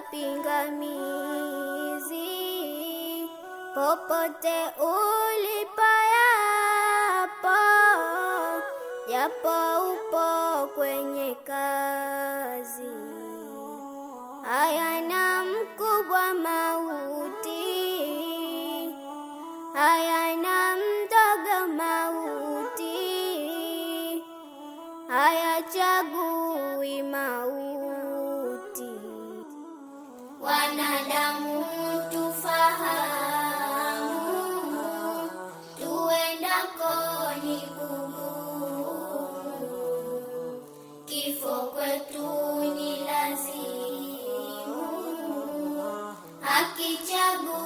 pingamizi popote ulipayapo, japo upo kwenye kazi. Hayana mkubwa mauti, hayana mdogo mauti, hayachagui mauti Wanadamu tufahamu, tuendako ni kugumu. Kifo kwetu ni lazimu, hakichagui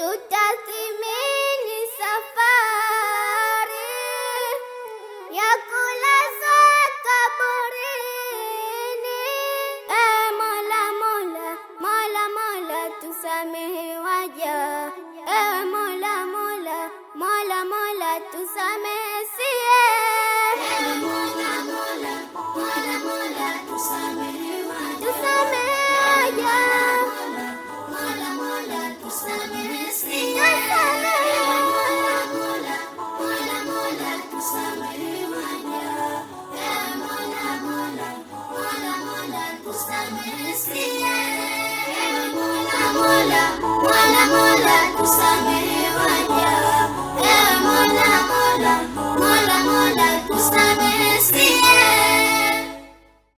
tutathimini safari ya kulazwa kaburini. Eh, Mola, Mola, Mola, Mola, tusamehe eh, Mola, Mola, Mola, Mola, Mola tusamehe.